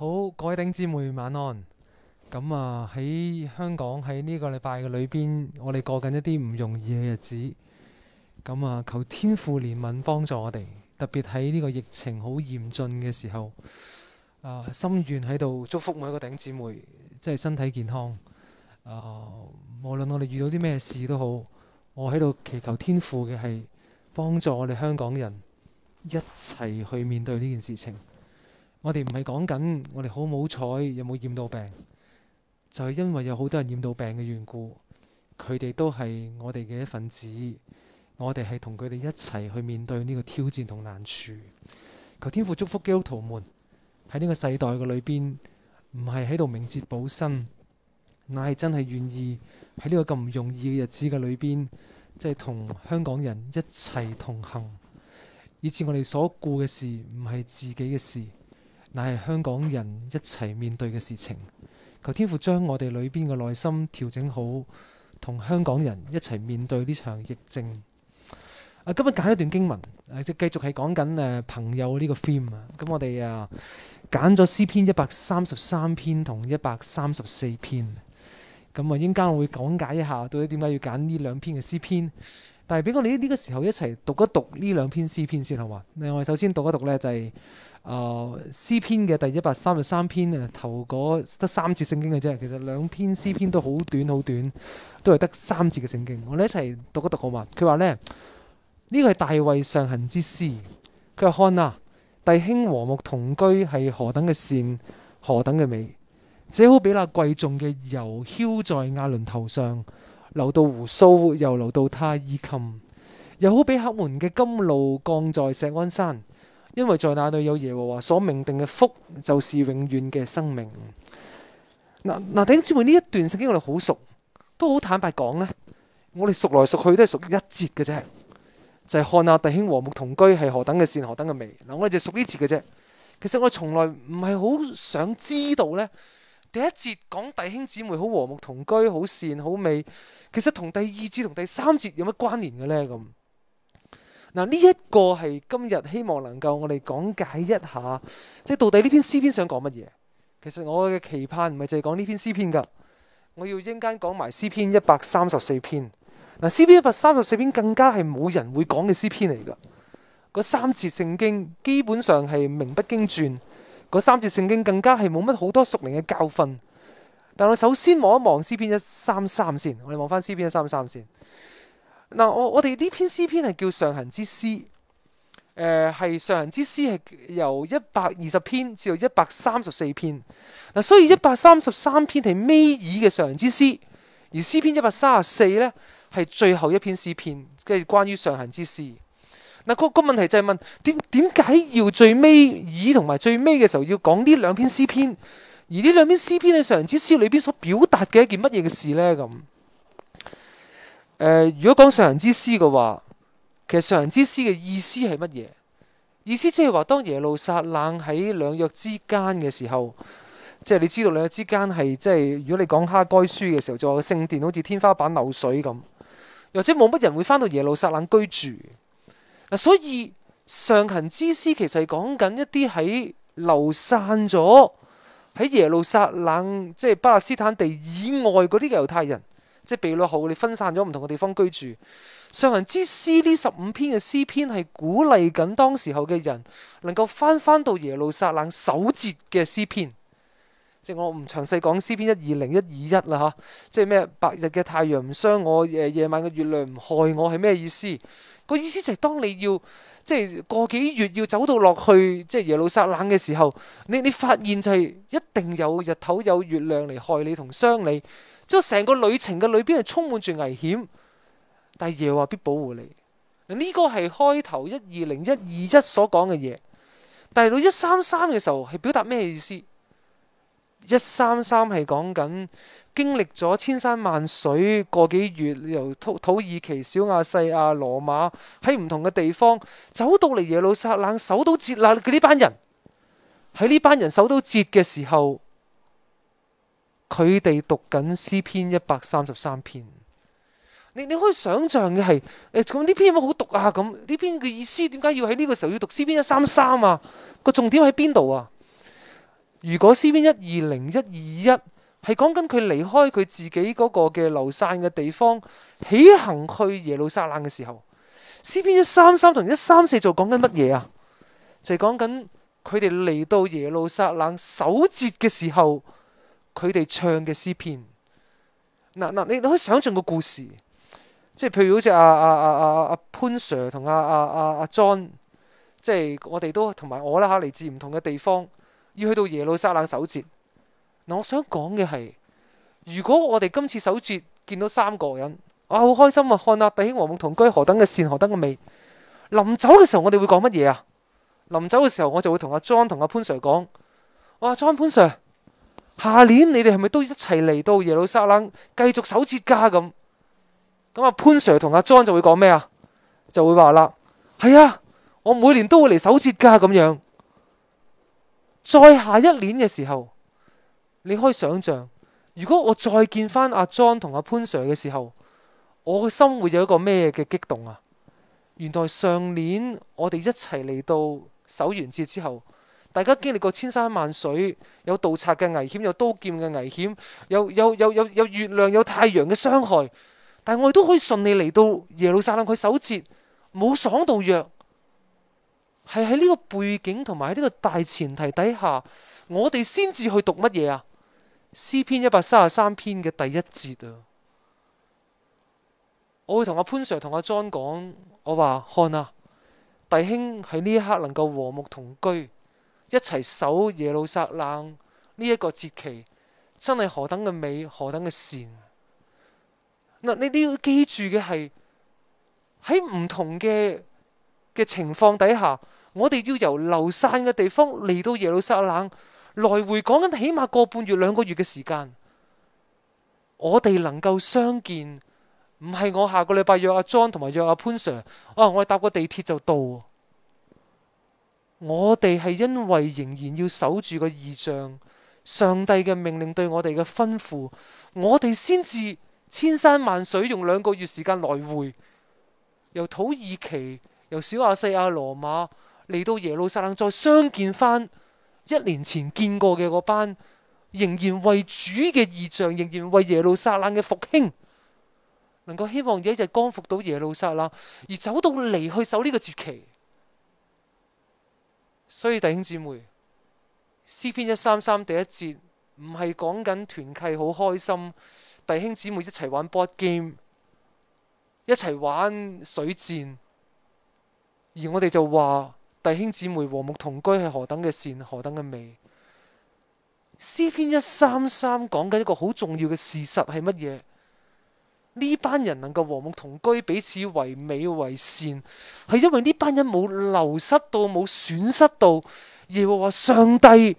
好，各位弟姊妹晚安。咁、嗯、啊，喺香港喺呢個禮拜嘅裏邊，我哋過緊一啲唔容易嘅日子。咁、嗯、啊，求天父憐憫幫助我哋，特別喺呢個疫情好嚴峻嘅時候。啊、呃，心願喺度祝福每一個弟姊妹，即係身體健康。啊、呃，無論我哋遇到啲咩事都好，我喺度祈求天父嘅係幫助我哋香港人一齊去面對呢件事情。我哋唔係講緊，我哋好冇彩，有冇染到病，就係、是、因為有好多人染到病嘅緣故，佢哋都係我哋嘅一份子。我哋係同佢哋一齊去面對呢個挑戰同難處。求天父祝福基督徒們喺呢個世代嘅裏邊，唔係喺度明哲保身，乃係真係願意喺呢個咁唔容易嘅日子嘅裏邊，即係同香港人一齊同行，以至我哋所顧嘅事唔係自己嘅事。乃係香港人一齊面對嘅事情，求天父將我哋裏面嘅內心調整好，同香港人一齊面對呢場疫症。啊，今日揀一段經文，即、啊、係繼續係講緊誒朋友呢個 theme 啊。咁、嗯、我哋啊揀咗詩篇一百三十三篇同一百三十四篇，咁、嗯、啊，一陣間會，會講解一下到底點解要揀呢兩篇嘅詩篇。但係，俾我哋呢個時候一齊讀一讀呢兩篇詩篇先，好嘛？另外，首先讀一讀呢就係啊詩篇嘅第一百三十三篇啊頭嗰得三節聖經嘅啫。其實兩篇詩篇都好短，好短，都係得三節嘅聖經。我哋一齊讀一讀好嘛？佢話呢，呢、呢個係大衛上行之詩。佢話看啊，弟兄和睦同居係何等嘅善，何等嘅美！這好比那貴重嘅油澆在亞倫頭上。留到鬍鬚，又留到他衣襟，又好比黑門嘅甘露降在錫安山，因為在那裏有耶和華所命定嘅福，就是永遠嘅生命。嗱、啊、嗱、啊，弟兄姊妹呢一段聖經我哋好熟，都好坦白講呢我哋熟來熟去都係熟一節嘅啫，就係、是、看亞弟兄和睦同居係何等嘅善，何等嘅美。嗱，我哋就熟呢節嘅啫，其實我從來唔係好想知道呢。第一節講弟兄姊妹好和睦同居好善好美，其實同第二節同第三節有乜關聯嘅呢？咁嗱呢一個係今日希望能夠我哋講解一下，即係到底呢篇詩篇想講乜嘢？其實我嘅期盼唔係淨係講呢篇詩篇噶，我要一陣間講埋詩篇一百三十四篇。嗱，詩篇一百三十四篇更加係冇人會講嘅詩篇嚟噶。嗰三節聖經基本上係名不經傳。嗰三節聖經更加係冇乜好多熟練嘅教訓，但我首先望一望詩篇一三三先，我哋望翻詩篇一三三先。嗱，我我哋呢篇詩篇係叫上行之詩，誒、呃、係上行之詩係由一百二十篇至到一百三十四篇，嗱，所以一百三十三篇係尾二嘅上行之詩，而詩篇一百三十四咧係最後一篇詩篇，即係關於上行之詩。嗱，個個問題就係問點點解要最尾以同埋最尾嘅時候要講呢兩篇詩篇，而呢兩篇詩篇係上人之詩裏邊所表達嘅一件乜嘢嘅事呢？咁，誒，如果講上人之詩嘅話，其實上人之詩嘅意思係乜嘢？意思即係話當耶路撒冷喺兩約之間嘅時候，即係你知道兩約之間係即係如果你講哈該書嘅時候，就話聖殿好似天花板漏水咁，或者冇乜人會翻到耶路撒冷居住。所以上行之詩其實係講緊一啲喺流散咗喺耶路撒冷，即係巴勒斯坦地以外嗰啲猶太人，即係被擄後你分散咗唔同嘅地方居住。上行之詩呢十五篇嘅詩篇係鼓勵緊當時候嘅人能夠返返到耶路撒冷守節嘅詩篇。即係我唔詳細講詩篇一二零一二一啦吓，即係咩白日嘅太陽唔傷我、呃，夜晚嘅月亮唔害我，係咩意思？個意思就係當你要即係過幾月要走到落去即係耶路撒冷嘅時候，你你發現就係一定有日頭有月亮嚟害你同傷你，即係成個旅程嘅裏邊係充滿住危險。但係耶和華必保護你，呢、這個係開頭一二零一二一所講嘅嘢，但係到一三三嘅時候係表達咩意思？一三三係講緊經歷咗千山萬水，過幾月由土土耳其、小亞細亞、羅馬喺唔同嘅地方走到嚟耶路撒冷守都節啦嘅呢班人，喺呢班人守都節嘅時候，佢哋讀緊詩篇一百三十三篇。你你可以想象嘅係誒，咁呢篇有冇好讀啊？咁呢篇嘅意思點解要喺呢個時候要讀詩篇一三三啊？個重點喺邊度啊？如果詩篇一二零一二一係講緊佢離開佢自己嗰個嘅流散嘅地方，起行去耶路撒冷嘅時候，詩篇一三三同一三四就講緊乜嘢啊？就係講緊佢哋嚟到耶路撒冷守節嘅時候，佢哋唱嘅詩篇。嗱、呃、嗱，你、呃、你可以想象個故事，即係譬如好似阿阿阿阿阿潘 sir 同阿阿阿阿 John，即係我哋都我同埋我啦吓，嚟自唔同嘅地方。要去到耶路撒冷守節，嗱，我想講嘅係，如果我哋今次守節見到三個人，啊，好開心啊！看阿，啊、弟兄和睦同居，何等嘅善，何等嘅美。臨走嘅時候，我哋會講乜嘢啊？臨走嘅時候，我就會同阿莊同阿潘 sir 講，哇，莊潘 sir，下年你哋係咪都一齊嚟到耶路撒冷繼續守節？家咁，咁阿潘 sir 同阿莊就會講咩啊？就會話啦，係啊，我每年都會嚟守節家咁樣。再下一年嘅時候，你可以想象，如果我再見翻阿莊同阿潘 sir 嘅時候，我嘅心會有一個咩嘅激動啊？原來上年我哋一齊嚟到守完節之後，大家經歷過千山萬水，有盜賊嘅危險，有刀劍嘅危險，有有有有月亮有太陽嘅傷害，但我哋都可以順利嚟到耶路撒冷去守節，冇爽到約。係喺呢個背景同埋喺呢個大前提底下，我哋先至去讀乜嘢啊？詩篇一百三十三篇嘅第一節啊！我會同阿潘 sir 同阿莊講，我話看哪，弟兄喺呢一刻能夠和睦同居，一齊守耶路撒冷呢一個節期，真係何等嘅美，何等嘅善！嗱，你你要記住嘅係喺唔同嘅嘅情況底下。我哋要由流散嘅地方嚟到耶路撒冷，來回講緊起碼個半月兩個月嘅時間，我哋能夠相見，唔係我下個禮拜約阿 John 同埋約阿潘 sir，啊，我搭個地鐵就到。我哋係因為仍然要守住個異象，上帝嘅命令對我哋嘅吩咐，我哋先至千山萬水用兩個月時間來回，由土耳其，由小亞細亞羅馬。嚟到耶路撒冷，再相見翻一年前見過嘅嗰班，仍然為主嘅異象，仍然為耶路撒冷嘅復興，能夠希望有一日光復到耶路撒冷，而走到嚟去守呢個節期。所以弟兄姊妹，詩篇一三三第一節唔係講緊團契好開心，弟兄姊妹一齊玩 board game，一齊玩水戰，而我哋就話。弟兄姊妹和睦同居係何等嘅善，何等嘅美。詩篇一三三講緊一個好重要嘅事實係乜嘢？呢班人能夠和睦同居，彼此為美為善，係因為呢班人冇流失到，冇損失到。耶和華上帝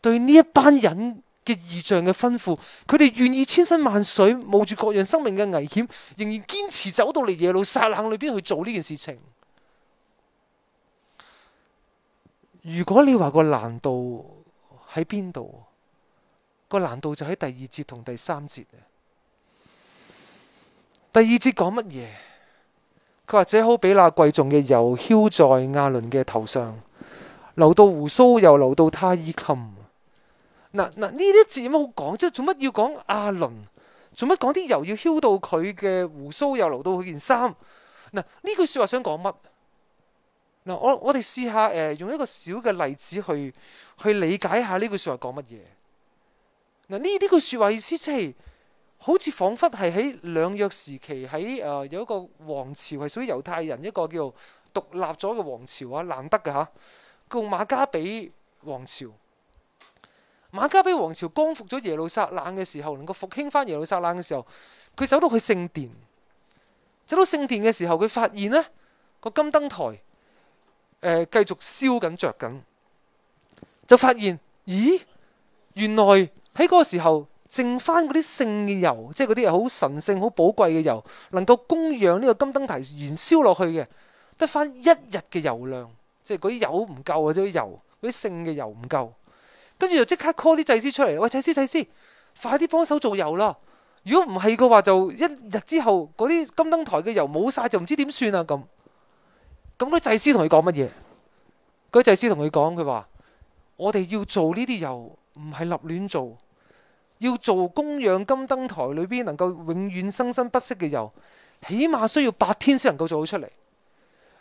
對呢一班人嘅異象嘅吩咐，佢哋願意千山萬水，冒住各樣生命嘅危險，仍然堅持走到嚟耶路撒冷裏邊去做呢件事情。如果你話個難度喺邊度，個難度就喺第二節同第三節。第二節講乜嘢？佢話這好比那貴重嘅油澆在亞倫嘅頭上，流到鬍鬚又流到他衣襟。嗱嗱，呢啲字有乜好講？即係做乜要講亞倫？做乜講啲油要澆到佢嘅鬍鬚又流到佢件衫？嗱，呢句說話想講乜？嗱，我我哋試下誒，用一個小嘅例子去去理解下呢句説話講乜嘢。嗱，呢呢句説話意思即係好似仿佛係喺兩約時期喺，誒有一個王朝係屬於猶太人一個叫獨立咗嘅王朝啊，難得嘅嚇，叫馬加比王朝。馬加比王朝光復咗耶路撒冷嘅時候，能夠復興翻耶路撒冷嘅時候，佢走到去聖殿，走到聖殿嘅時候，佢發現呢個金燈台。誒繼續燒緊著緊，就發現咦，原來喺嗰個時候剩翻嗰啲聖嘅油，即係嗰啲又好神聖、好寶貴嘅油，能夠供養呢個金燈台燃燒落去嘅，得翻一日嘅油量，即係嗰啲油唔夠或者油嗰啲聖嘅油唔夠，跟住就即刻 call 啲祭司出嚟，喂祭司祭司，快啲幫手做油啦！如果唔係嘅話，就一日之後嗰啲金燈台嘅油冇晒，就唔知點算啊咁。咁啲祭司同佢講乜嘢？嗰、那個、祭司同佢講，佢話：我哋要做呢啲油，唔係立亂做，要做供養金燈台裏邊能夠永遠生生不息嘅油，起碼需要八天先能夠做好出嚟。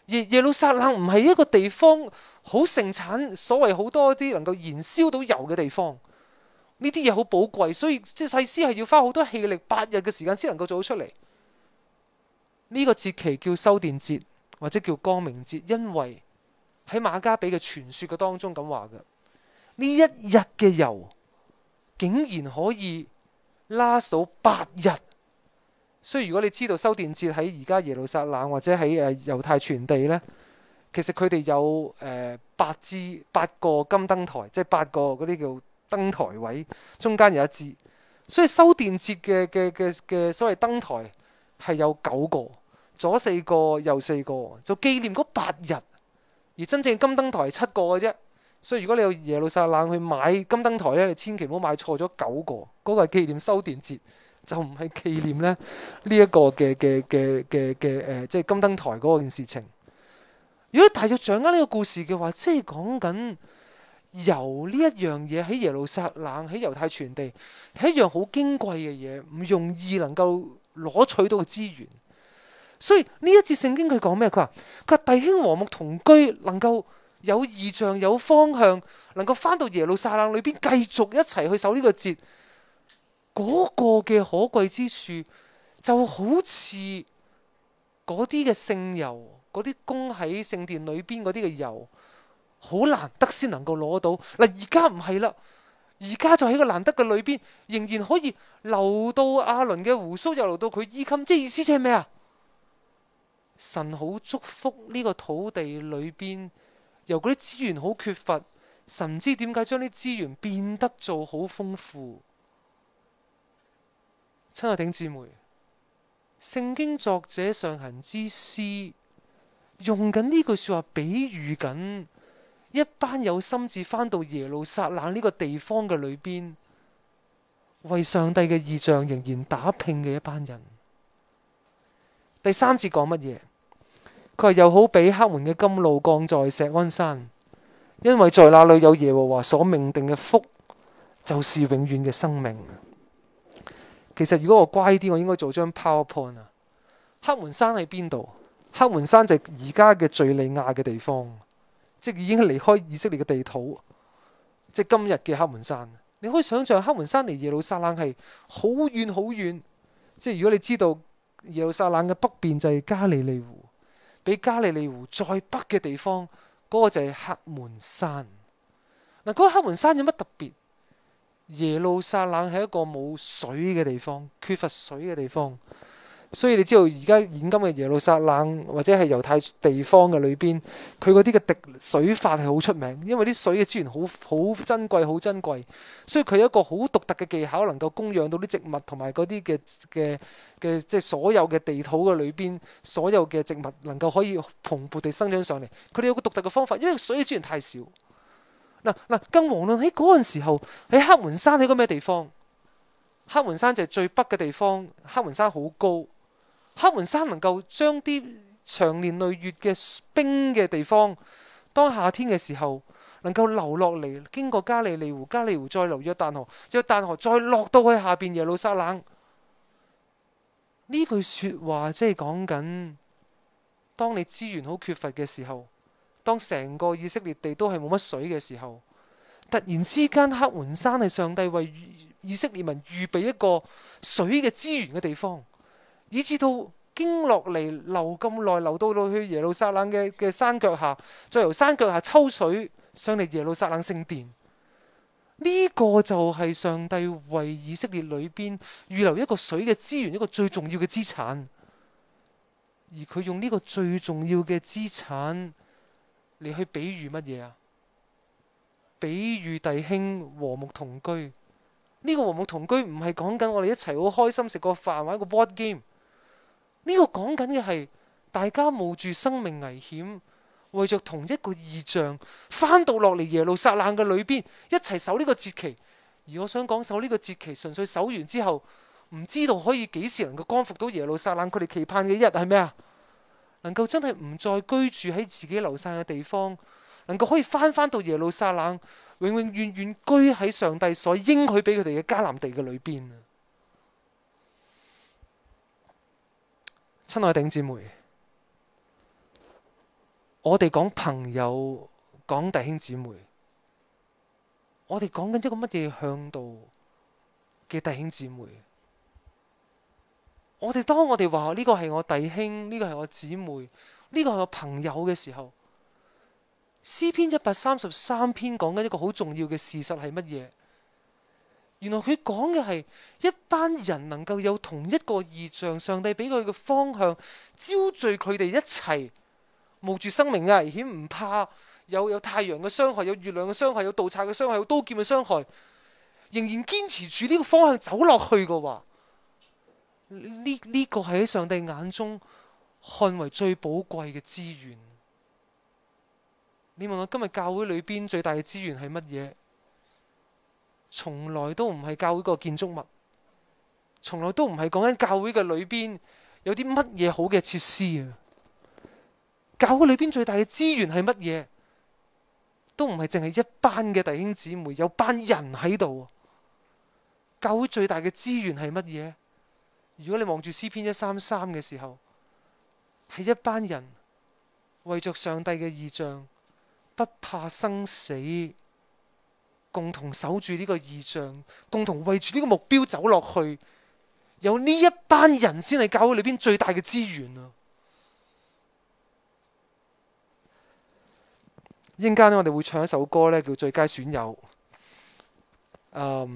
而耶路撒冷唔係一個地方好盛產所謂好多啲能夠燃燒到油嘅地方，呢啲嘢好寶貴，所以即係祭司係要花好多氣力，八日嘅時間先能夠做好出嚟。呢、這個節期叫修殿節。或者叫光明節，因為喺馬加比嘅傳説嘅當中咁話嘅，呢一日嘅油竟然可以拉到八日。所以如果你知道修電節喺而家耶路撒冷或者喺誒猶太傳地呢，其實佢哋有誒八、呃、支八個金燈台，即係八個嗰啲叫燈台位，中間有一支。所以修電節嘅嘅嘅嘅所謂燈台係有九個。左四個，右四個，就紀念嗰八日。而真正金燈台七個嘅啫，所以如果你有耶路撒冷去買金燈台呢，你千祈唔好買錯咗九個。嗰、嗰個係紀念修電節，就唔係紀念咧呢一個嘅嘅嘅嘅嘅誒，即係金燈台嗰件事情。如果你大約掌握呢個故事嘅話，即係講緊由呢一樣嘢喺耶路撒冷喺猶太傳地係一樣好矜貴嘅嘢，唔容易能夠攞取到嘅資源。所以呢一節聖經佢講咩？佢話佢話，弟兄和睦同居，能夠有異象有方向，能夠翻到耶路撒冷裏邊繼續一齊去守呢個節，嗰、個嘅可貴之處就好似嗰啲嘅聖油，嗰啲供喺聖殿裏邊嗰啲嘅油，好難得先能夠攞到。嗱，而家唔係啦，而家就喺個難得嘅裏邊，仍然可以流到阿倫嘅鬍鬚，又流到佢衣襟，即係意思即係咩啊？神好祝福呢個土地裏邊，由嗰啲資源好缺乏，神知點解將啲資源變得做好豐富。親愛頂姊妹，聖經作者上行之詩用緊呢句說話比喻緊一班有心志返到耶路撒冷呢個地方嘅裏邊，為上帝嘅異象仍然打拼嘅一班人。第三節講乜嘢？佢又好比黑門嘅甘露降在錫安山，因為在那裏有耶和華所命定嘅福，就是永遠嘅生命。其實如果我乖啲，我應該做張 PowerPoint 啊。黑門山喺邊度？黑門山就而家嘅敘利亞嘅地方，即係已經離開以色列嘅地土，即係今日嘅黑門山。你可以想象黑門山離耶路撒冷係好遠好遠。即係如果你知道耶路撒冷嘅北邊就係加利利湖。比加利利湖再北嘅地方，嗰個就係黑門山。嗱，嗰個黑門山有乜特別？耶路撒冷係一個冇水嘅地方，缺乏水嘅地方。所以你知道而家現今嘅耶路撒冷或者係猶太地方嘅裏邊，佢嗰啲嘅滴水法係好出名，因為啲水嘅資源好好珍貴好珍貴，所以佢有一個好獨特嘅技巧，能夠供養到啲植物同埋嗰啲嘅嘅嘅，即係所有嘅地土嘅裏邊所有嘅植物能夠可以蓬勃地生長上嚟。佢哋有個獨特嘅方法，因為水嘅資源太少。嗱嗱，更遑論喺嗰陣時候喺黑門山，喺個咩地方？黑門山就係最北嘅地方，黑門山好高。黑門山能夠將啲長年累月嘅冰嘅地方，當夏天嘅時候，能夠流落嚟，經過加利利湖，加利湖再流約旦河，約旦河再落到去下邊耶路撒冷。呢句話說話即係講緊，當你資源好缺乏嘅時候，當成個以色列地都係冇乜水嘅時候，突然之間黑門山係上帝為以色列民預備一個水嘅資源嘅地方。以至到經落嚟流咁耐，流到到去耶路撒冷嘅嘅山腳下，再由山腳下抽水上嚟耶路撒冷聖殿，呢個就係上帝為以色列裏邊預留一個水嘅資源，一個最重要嘅資產。而佢用呢個最重要嘅資產嚟去比喻乜嘢啊？比喻弟兄和睦同居。呢個和睦同居唔係講緊我哋一齊好開心食個飯玩個 board game。呢個講緊嘅係大家冒住生命危險，為着同一個異象，翻到落嚟耶路撒冷嘅裏邊，一齊守呢個節期。而我想講，守呢個節期，純粹守完之後，唔知道可以幾時能夠光復到耶路撒冷，佢哋期盼嘅一日係咩啊？能夠真係唔再居住喺自己流散嘅地方，能夠可以翻翻到耶路撒冷，永永遠遠居喺上帝所應許俾佢哋嘅迦南地嘅裏邊啊！親愛頂姊妹，我哋講朋友，講弟兄姊妹，我哋講緊一個乜嘢向度嘅弟兄姊妹？我哋當我哋話呢個係我弟兄，呢個係我姊妹，呢個係我朋友嘅時候，詩篇一百三十三篇講緊一個好重要嘅事實係乜嘢？原來佢講嘅係一班人能夠有同一個異象，上帝俾佢嘅方向，招聚佢哋一齊冒住生命嘅危險，唔怕有有太陽嘅傷害，有月亮嘅傷害，有盜賊嘅傷害，有刀劍嘅傷害，仍然堅持住呢個方向走落去嘅話，呢呢個係喺上帝眼中看為最寶貴嘅資源。你問我今日教會裏邊最大嘅資源係乜嘢？從來都唔係教會個建築物，從來都唔係講緊教會嘅裏邊有啲乜嘢好嘅設施啊！教會裏邊最大嘅資源係乜嘢？都唔係淨係一班嘅弟兄姊妹，有班人喺度。教會最大嘅資源係乜嘢？如果你望住詩篇一三三嘅時候，係一班人為着上帝嘅異象，不怕生死。共同守住呢個意象，共同為住呢個目標走落去，有呢一班人先係教會裏邊最大嘅資源啊！一陣間呢，我哋會唱一首歌呢，叫《最佳損友》。喺、um,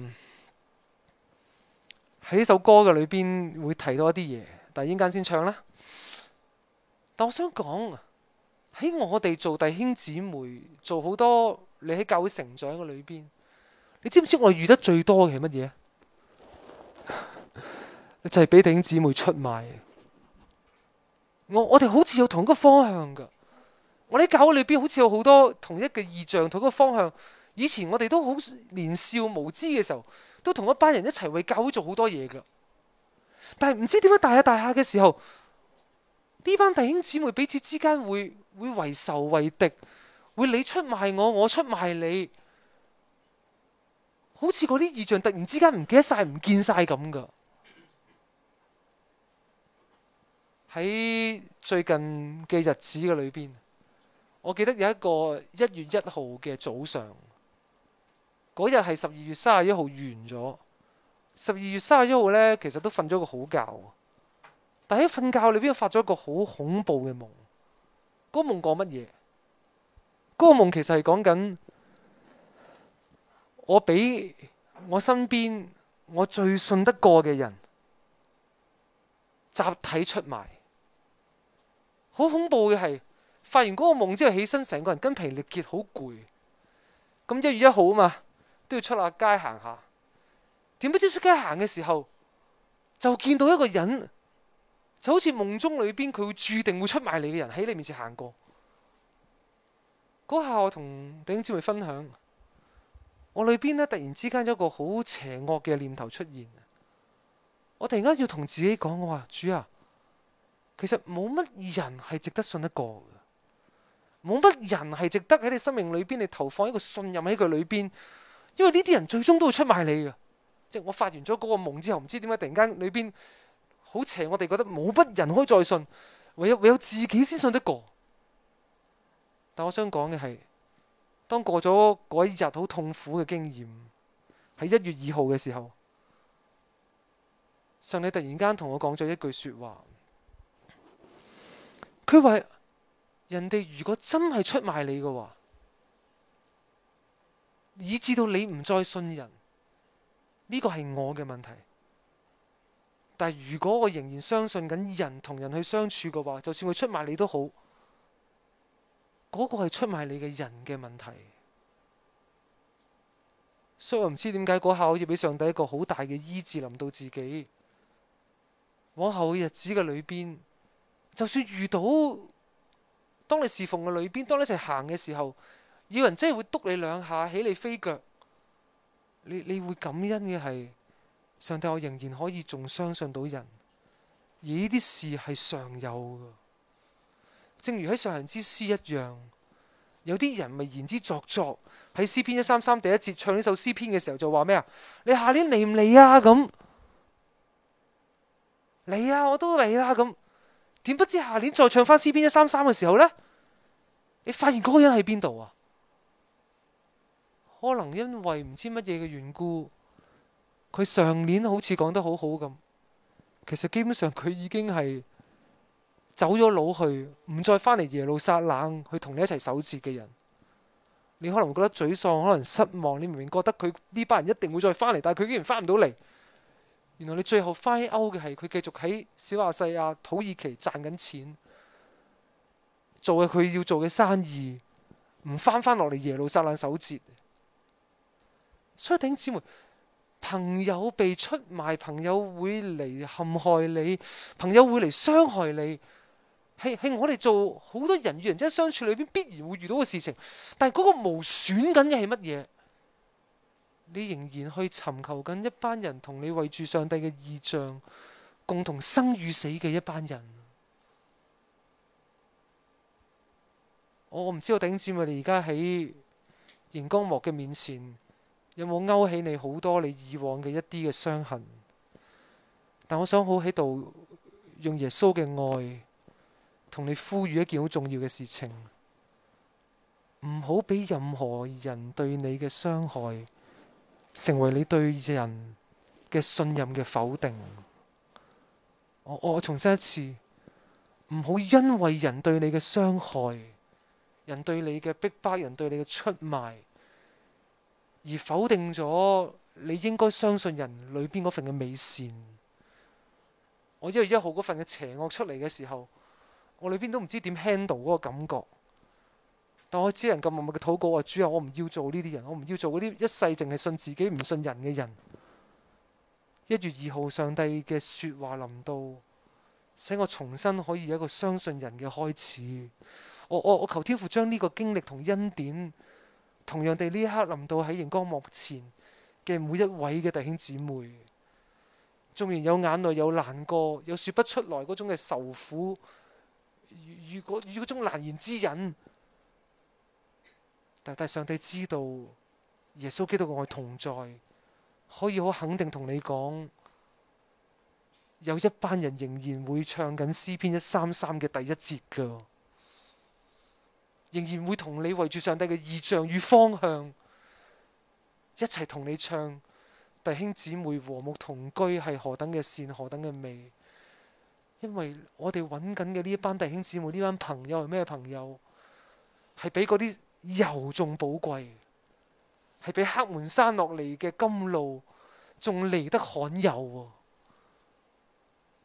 呢首歌嘅裏邊會提多一啲嘢，但係一陣間先唱啦。但我想講喺我哋做弟兄姊妹，做好多。你喺教會成長嘅裏邊，你知唔知我遇得最多嘅係乜嘢？ 就係俾弟兄姊妹出賣。我我哋好似有同一個方向噶。我哋喺教會裏邊好似有好多同一個異象，同一個方向。以前我哋都好年少無知嘅時候，都同一班人一齊為教會做好多嘢噶。但係唔知點解大下大下嘅時候，呢班弟兄姊妹彼此之間會會為仇為敵。會你出賣我，我出賣你，好似嗰啲異象突然之間唔記得晒，唔見晒咁噶。喺最近嘅日子嘅裏邊，我記得有一個一月一號嘅早上，嗰日係十二月三十一號完咗。十二月三十一號呢，其實都瞓咗個好覺，但喺瞓覺裏邊發咗一個好恐怖嘅夢。嗰、嗰個夢講乜嘢？嗰個夢其實係講緊我俾我身邊我最信得過嘅人集體出賣，好恐怖嘅係發完嗰個夢之後起身，成個人筋疲力竭，好攰。咁一月一號啊嘛，都要出下街行下，點不知出街行嘅時候就見到一個人，就好似夢中裏邊佢會注定會出賣你嘅人喺你面前行過。嗰下我同弟兄姊妹分享，我裏邊咧突然之間有一個好邪惡嘅念頭出現，我突然間要同自己講，我話主啊，其實冇乜人係值得信得過嘅，冇乜人係值得喺你生命裏邊，你投放一個信任喺佢裏邊，因為呢啲人最終都會出賣你嘅。即係我發完咗嗰個夢之後，唔知點解突然間裏邊好邪惡，我哋覺得冇乜人可以再信，唯有唯有自己先信得過。但我想講嘅係，當過咗嗰一日好痛苦嘅經驗，喺一月二號嘅時候，上帝突然間同我講咗一句說話，佢話人哋如果真係出賣你嘅話，以致到你唔再信人，呢個係我嘅問題。但係如果我仍然相信緊人同人去相處嘅話，就算佢出賣你都好。嗰個係出賣你嘅人嘅問題，所以我唔知點解嗰下好似俾上帝一個好大嘅醫治，臨到自己。往後日子嘅裏邊，就算遇到，當你侍奉嘅裏邊，當你一齊行嘅時候，有人真係會篤你兩下，起你飛腳，你你會感恩嘅係，上帝我仍然可以仲相信到人，而呢啲事係常有嘅。正如喺上年之詩一樣，有啲人咪言之鑿鑿喺詩篇一三三第一節唱呢首詩篇嘅時候就話咩啊？你下年嚟唔嚟啊？咁嚟啊！我都嚟啊！咁點不知下年再唱翻詩篇一三三嘅時候呢？你發現嗰個人喺邊度啊？可能因為唔知乜嘢嘅緣故，佢上年好似講得好好咁，其實基本上佢已經係。走咗佬去，唔再翻嚟耶路撒冷去同你一齊守節嘅人，你可能覺得沮喪，可能失望。你明明覺得佢呢班人一定會再翻嚟，但係佢竟然翻唔到嚟。原來你最後 find out 嘅係佢繼續喺小亞細亞土耳其賺緊錢，做嘅佢要做嘅生意，唔翻翻落嚟耶路撒冷守節。所以弟兄姊妹，朋友被出賣，朋友會嚟陷害你，朋友會嚟傷害你。係係，我哋做好多人與人之間相處裏邊必然會遇到嘅事情，但係嗰個無損緊嘅係乜嘢？你仍然去尋求緊一班人同你圍住上帝嘅異象，共同生與死嘅一班人。我我唔知道頂尖，我哋而家喺熒光幕嘅面前有冇勾起你好多你以往嘅一啲嘅傷痕？但我想好喺度用耶穌嘅愛，同你呼籲一件好重要嘅事情，唔好俾任何人對你嘅傷害，成為你對人嘅信任嘅否定。我我重申一次，唔好因為人對你嘅傷害、人對你嘅逼迫，迫、人對你嘅出賣，而否定咗你應該相信人裏邊嗰份嘅美善。我一月一號嗰份嘅邪惡出嚟嘅時候。我裏邊都唔知點 handle 嗰個感覺，但我只能咁默默嘅禱告：話主啊，我唔要做呢啲人，我唔要做嗰啲一世淨係信自己唔信人嘅人。一月二號，上帝嘅說話臨到，使我重新可以有一個相信人嘅開始。我我我求天父將呢個經歷同恩典，同樣地呢一刻臨到喺熒光幕前嘅每一位嘅弟兄姊妹，縱然有眼淚、有難過、有說不出來嗰種嘅受苦。如果與嗰種難言之隱，但但上帝知道，耶穌基督嘅愛同在，可以好肯定同你講，有一班人仍然會唱緊詩篇一三三嘅第一節噶，仍然會同你圍住上帝嘅異象與方向，一齊同你唱，弟兄姊妹和睦同居係何等嘅善，何等嘅美。因為我哋揾緊嘅呢一班弟兄姊妹，呢班朋友係咩朋友？係比嗰啲油仲寶貴，係比黑門山落嚟嘅甘露仲嚟得罕有啊。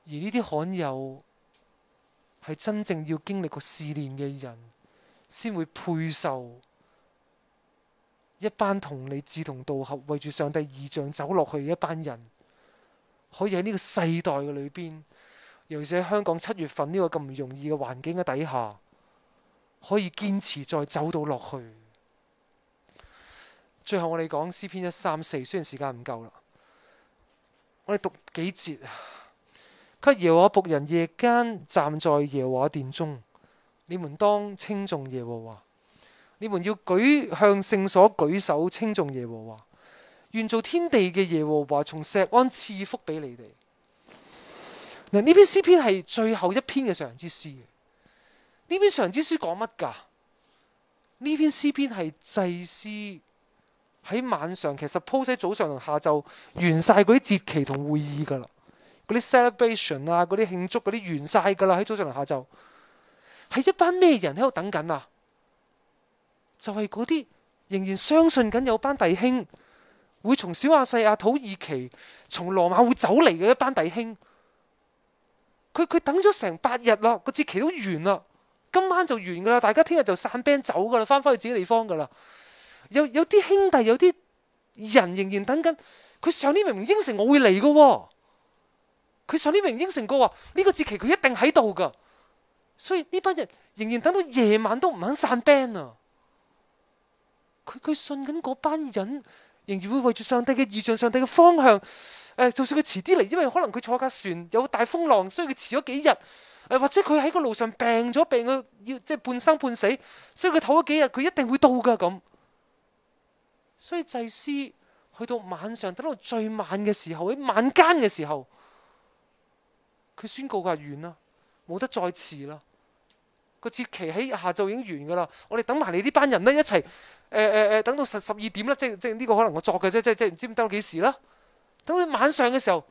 而呢啲罕有係真正要經歷過試煉嘅人，先會配受一班同你志同道合、為住上帝異象走落去嘅一班人，可以喺呢個世代嘅裏邊。尤其是喺香港七月份呢個咁唔容易嘅環境嘅底下，可以堅持再走到落去。最後我哋講詩篇一三四，雖然時間唔夠啦，我哋讀幾節啊。耶和華僕人夜間站在耶和華殿中，你們當稱頌耶和華，你們要舉向聖所舉手稱頌耶和華，願做天地嘅耶和華從錫安賜福俾你哋。嗱，呢篇詩篇係最後一篇嘅上人之詩。呢篇上人之詩講乜噶？呢篇詩篇係祭司喺晚上，其實鋪寫早上同下晝完晒嗰啲節期同會議噶啦，嗰啲 celebration 啊，嗰啲慶祝嗰啲完晒噶啦。喺早上同下晝，係一班咩人喺度等緊啊？就係嗰啲仍然相信緊有班弟兄會從小亞細亞土耳其從羅馬會走嚟嘅一班弟兄。佢佢等咗成八日咯，個節期都完啦，今晚就完噶啦，大家聽日就散 band 走噶啦，翻返去自己地方噶啦。有有啲兄弟有啲人仍然等緊，佢上呢名應承我會嚟噶喎，佢上呢名應承過話呢個節期佢一定喺度噶，所以呢班人仍然等到夜晚都唔肯散 band 啊。佢佢信緊嗰班人。仍然會為住上帝嘅意象，上帝嘅方向。誒、呃，就算佢遲啲嚟，因為可能佢坐架船有大風浪，所以佢遲咗幾日。誒、呃，或者佢喺個路上病咗病，佢要即係半生半死，所以佢唞咗幾日，佢一定會到噶咁。所以祭司去到晚上，等到最晚嘅時候，喺晚間嘅時候，佢宣告佢係完啦，冇得再遲啦。個節期喺下晝已經完噶啦，我哋等埋你呢班人啦，一齊誒誒誒，等到十十二點啦，即係即係呢、這個可能我作嘅啫，即係即係唔知等到幾時啦。等到晚上嘅時候，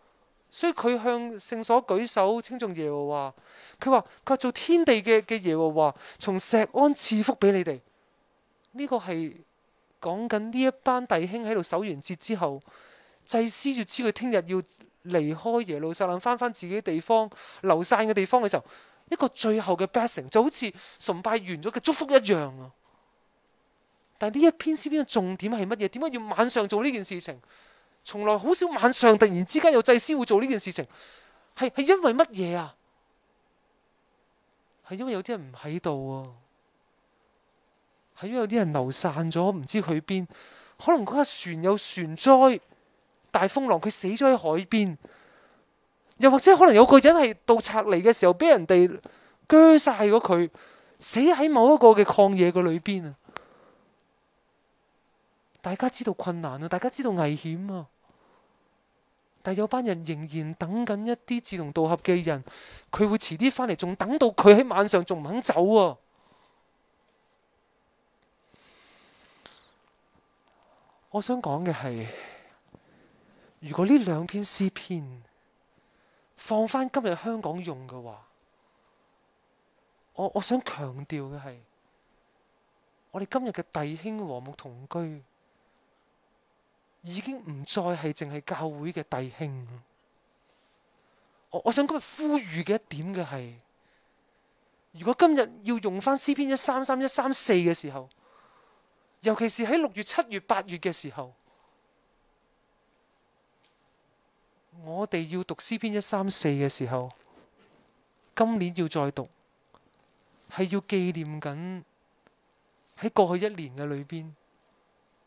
所以佢向聖所舉手稱頌耶和華，佢話佢話做天地嘅嘅耶和華，從錫安賜福俾你哋。呢、這個係講緊呢一班弟兄喺度守完節之後，祭司就知佢聽日要離開耶路撒冷，返返自己地方，流散嘅地方嘅時候。一個最後嘅 blessing 就好似崇拜完咗嘅祝福一樣啊！但係呢一篇詩篇嘅重點係乜嘢？點解要晚上做呢件事情？從來好少晚上突然之間有祭司會做呢件事情，係係因為乜嘢啊？係因為有啲人唔喺度啊！係因為有啲人流散咗，唔知去邊。可能嗰隻船有船災，大風浪，佢死咗喺海邊。又或者可能有個人係盜拆嚟嘅時候，俾人哋鋸晒咗佢，死喺某一個嘅曠野嘅裏邊啊！大家知道困難啊，大家知道危險啊，但有班人仍然等緊一啲志同道合嘅人，佢會遲啲翻嚟，仲等到佢喺晚上仲唔肯走啊！我想講嘅係，如果呢兩篇詩篇。放翻今日香港用嘅話，我我想強調嘅係，我哋今日嘅弟兄和睦同居已經唔再係淨係教會嘅弟兄。我我想今日呼籲嘅一點嘅係，如果今日要用翻詩篇一三三一三四嘅時候，尤其是喺六月、七月、八月嘅時候。我哋要讀詩篇一三四嘅時候，今年要再讀，係要紀念緊喺過去一年嘅裏邊，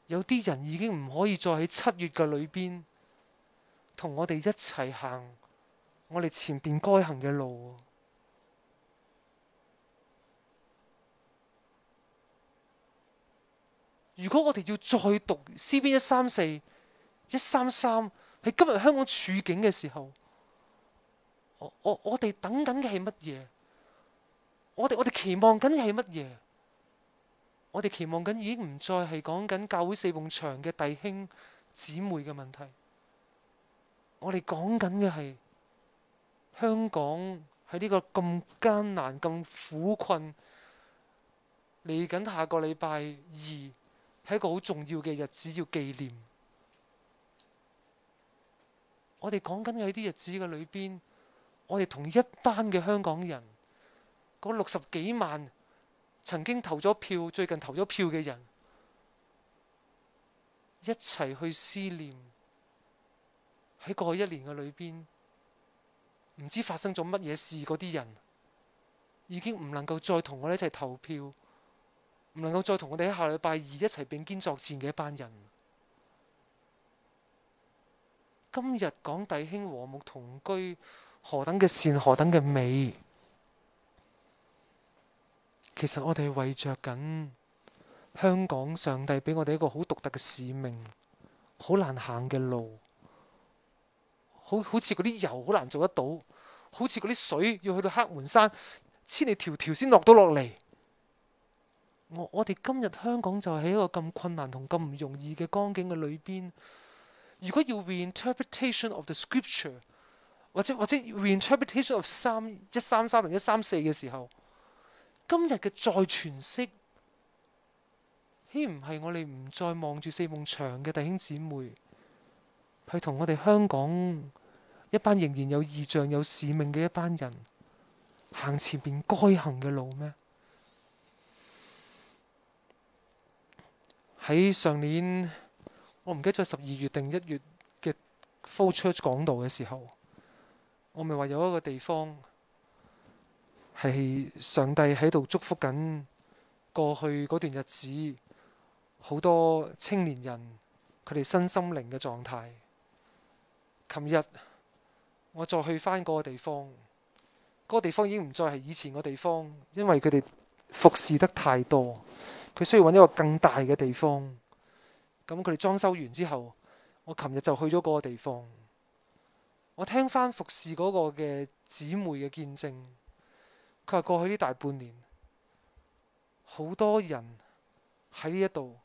有啲人已經唔可以再喺七月嘅裏邊同我哋一齊行我哋前邊該行嘅路。如果我哋要再讀詩篇一三四、一三三。喺今日香港處境嘅時候，我我哋等緊嘅係乜嘢？我哋我哋期望緊嘅係乜嘢？我哋期望緊已經唔再係講緊教會四埲牆嘅弟兄姊妹嘅問題。我哋講緊嘅係香港喺呢個咁艱難、咁苦困，嚟緊下個禮拜二係一個好重要嘅日子要紀念。我哋講緊嘅喺啲日子嘅裏邊，我哋同一班嘅香港人，嗰六十幾萬曾經投咗票、最近投咗票嘅人，一齊去思念喺過去一年嘅裏邊，唔知發生咗乜嘢事，嗰啲人，已經唔能夠再同我哋一齊投票，唔能夠再同我哋喺下禮拜二一齊並肩作戰嘅一班人。今日講弟兄和睦同居，何等嘅善，何等嘅美。其實我哋係着著緊香港，上帝俾我哋一個好獨特嘅使命，好難行嘅路，好好似嗰啲油好難做得到，好似嗰啲水要去到黑門山，千里迢迢先落到落嚟。我我哋今日香港就喺一個咁困難同咁唔容易嘅光景嘅裏邊。如果要 reinterpretation of the scripture，或者或者 reinterpretation of 三一三三零一三四嘅時候，今日嘅再詮釋，豈唔係我哋唔再望住四夢牆嘅弟兄姊妹，去同我哋香港一班仍然有異象、有使命嘅一班人行前邊該行嘅路咩？喺上年，我唔記得咗十二月定一月嘅 flow church 講道嘅時候，我咪話有一個地方係上帝喺度祝福緊過去嗰段日子，好多青年人佢哋身心靈嘅狀態。琴日我再去返嗰個地方，嗰、嗰個地方已經唔再係以前個地方，因為佢哋服侍得太多，佢需要揾一個更大嘅地方。咁佢哋裝修完之後，我琴日就去咗嗰個地方。我聽翻服侍嗰個嘅姊妹嘅見證，佢話過去呢大半年，好多人喺呢一度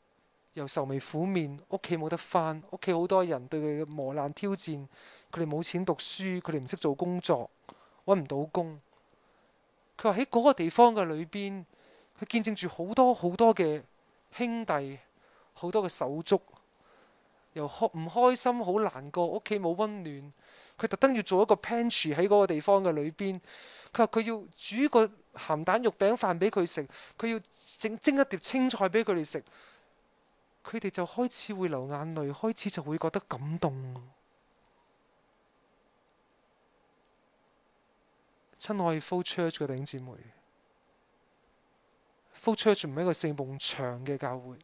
又愁眉苦面，屋企冇得翻，屋企好多人對佢嘅磨難挑戰，佢哋冇錢讀書，佢哋唔識做工作，揾唔到工。佢話喺嗰個地方嘅裏邊，佢見證住好多好多嘅兄弟。好多嘅手足又開唔開心，好難過，屋企冇溫暖。佢特登要做一個 pantry 喺嗰個地方嘅裏邊。佢話佢要煮個鹹蛋肉餅飯俾佢食，佢要整蒸，蒸一碟青菜俾佢哋食。佢哋就開始會流眼淚，開始就會覺得感動。親愛，flow church 嘅弟兄姊妹，flow church 唔係一個四夢長嘅教會。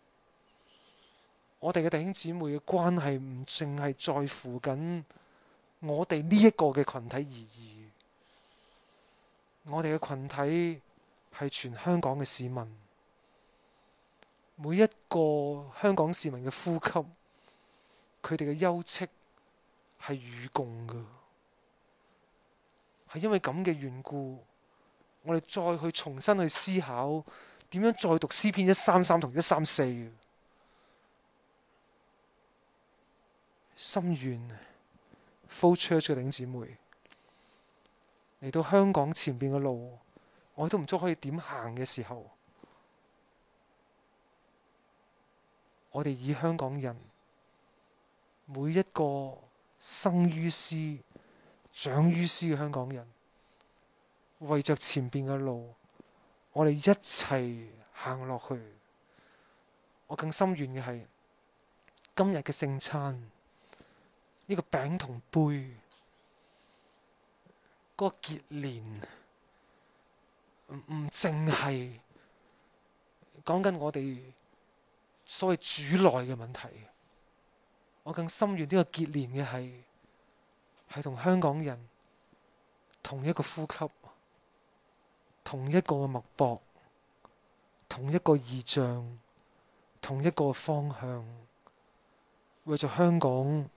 我哋嘅弟兄姊妹嘅關係唔淨係在乎緊我哋呢一個嘅群體而已。我哋嘅群體係全香港嘅市民，每一個香港市民嘅呼吸，佢哋嘅休戚係與共嘅，係因為咁嘅緣故，我哋再去重新去思考點樣再讀詩篇一三三同一三四。心願 flow church 嘅領姊妹嚟到香港前邊嘅路，我都唔知可以點行嘅時候，我哋以香港人每一個生於斯、長於斯嘅香港人，為着前邊嘅路，我哋一齊行落去。我更心願嘅係今日嘅聖餐。呢個餅同杯，嗰、這個結連唔，唔淨係講緊我哋所謂主內嘅問題。我更深願呢個結連嘅係係同香港人同一個呼吸、同一個脈搏、同一個異象、同一個方向，為著香港。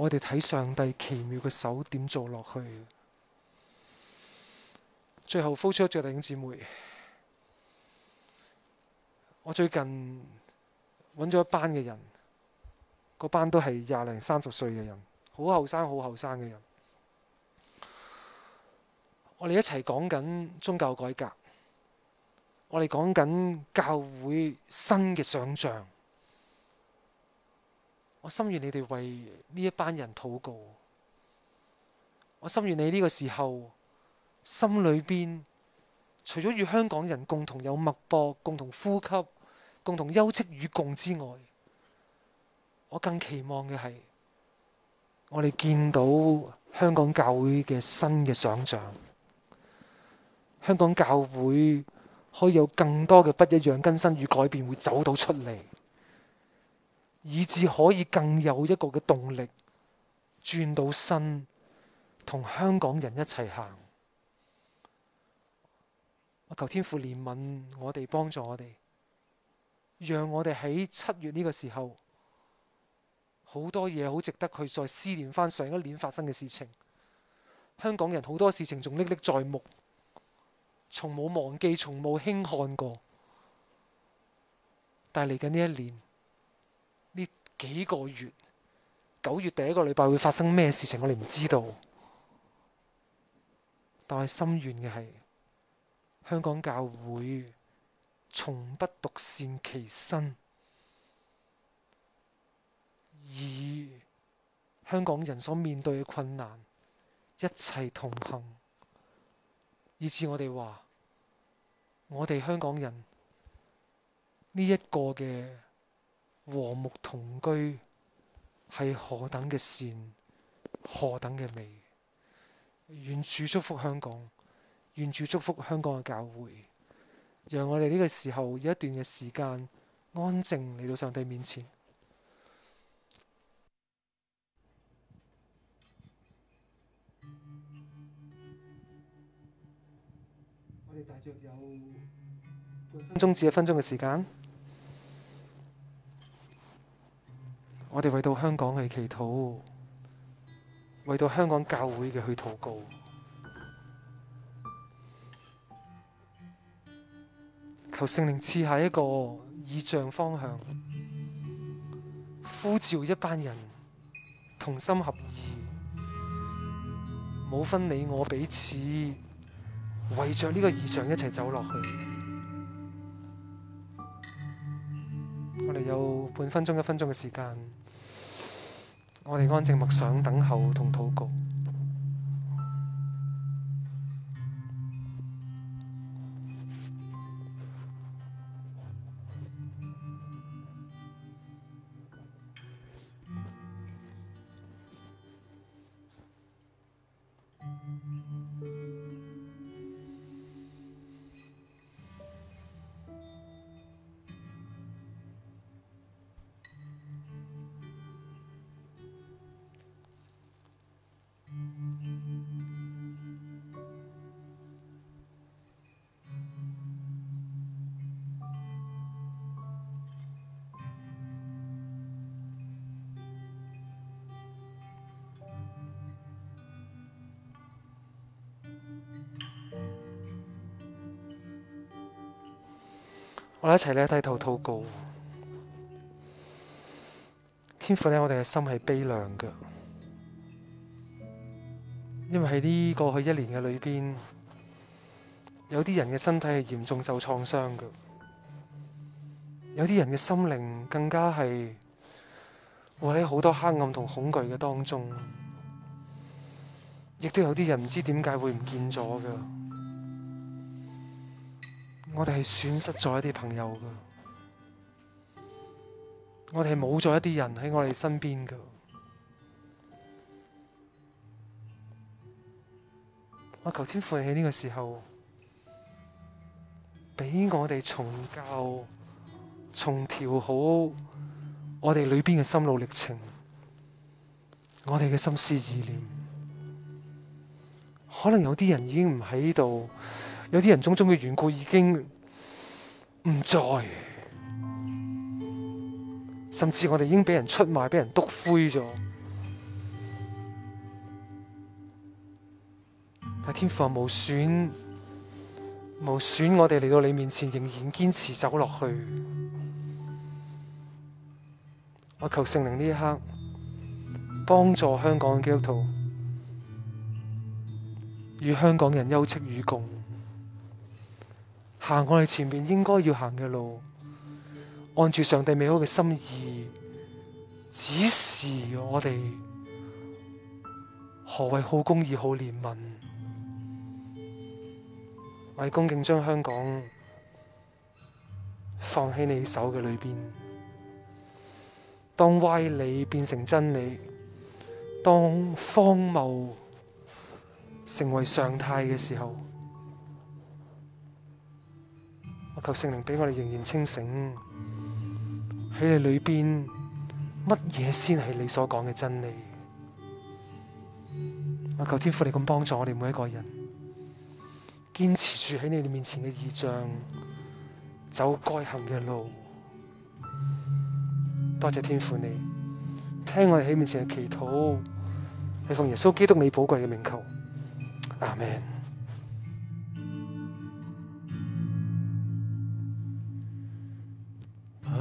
我哋睇上帝奇妙嘅手點做落去。最後，付出咗弟兄姊妹，我最近揾咗一班嘅人，嗰班都係廿零三十歲嘅人，好後生，好後生嘅人。我哋一齊講緊宗教改革，我哋講緊教會新嘅想象。我心願你哋為呢一班人禱告。我心願你呢個時候心裏邊，除咗與香港人共同有脈搏、共同呼吸、共同休戚與共之外，我更期望嘅係，我哋見到香港教會嘅新嘅想象，香港教會可以有更多嘅不一樣、更新與改變，會走到出嚟。以至可以更有一個嘅動力，轉到身同香港人一齊行。我求天父憐憫我哋，幫助我哋，讓我哋喺七月呢個時候，好多嘢好值得去再思念翻上一年發生嘅事情。香港人好多事情仲歷歷在目，從冇忘記，從冇輕看過。但係嚟緊呢一年，幾個月，九月第一個禮拜會發生咩事情，我哋唔知道。但係心願嘅係，香港教會從不獨善其身，以香港人所面對嘅困難一齊同行，以致我哋話：我哋香港人呢一個嘅。和睦同居係何等嘅善，何等嘅美！願主祝福香港，願主祝福香港嘅教會，讓我哋呢個時候有一段嘅時間安靜嚟到上帝面前。我哋大約有半分鐘至一分鐘嘅時間。我哋為到香港去祈禱，為到香港教會嘅去禱告，求聖靈賜下一個異象方向，呼召一班人同心合意，冇分你我彼此，為着呢個異象一齊走落去。我哋有半分鐘、一分鐘嘅時間。我哋安靜默想、等候同禱告。我一齊咧低頭禱告，天父呢，我哋嘅心係悲涼嘅，因為喺呢過去一年嘅裏邊，有啲人嘅身體係嚴重受創傷嘅，有啲人嘅心靈更加係活喺好多黑暗同恐懼嘅當中，亦都有啲人唔知點解會唔見咗嘅。我哋係損失咗一啲朋友㗎，我哋係冇咗一啲人喺我哋身邊㗎。我求天父喺呢個時候，俾我哋重教、重調好我哋裏邊嘅心路歷程，我哋嘅心思意念。可能有啲人已經唔喺度。有啲人種種嘅緣故已經唔在，甚至我哋已經俾人出賣、俾人督灰咗。但天父啊，無損無損，我哋嚟到你面前，仍然堅持走落去。我求聖靈呢一刻幫助香港嘅基督徒與香港人休戚與共。行我哋前面應該要行嘅路，按住上帝美好嘅心意指示我哋，何謂好公義好憐憫？我哋恭敬將香港放喺你手嘅裏邊，當歪理變成真理，當荒謬成為常態嘅時候。求聖靈俾我哋仍然清醒喺你裏邊，乜嘢先係你所講嘅真理？我求天父你咁幫助我哋每一個人，堅持住喺你面前嘅異象，走該行嘅路。多謝天父你，聽我哋喺面前嘅祈禱，係奉耶穌基督你寶貴嘅名求。阿門。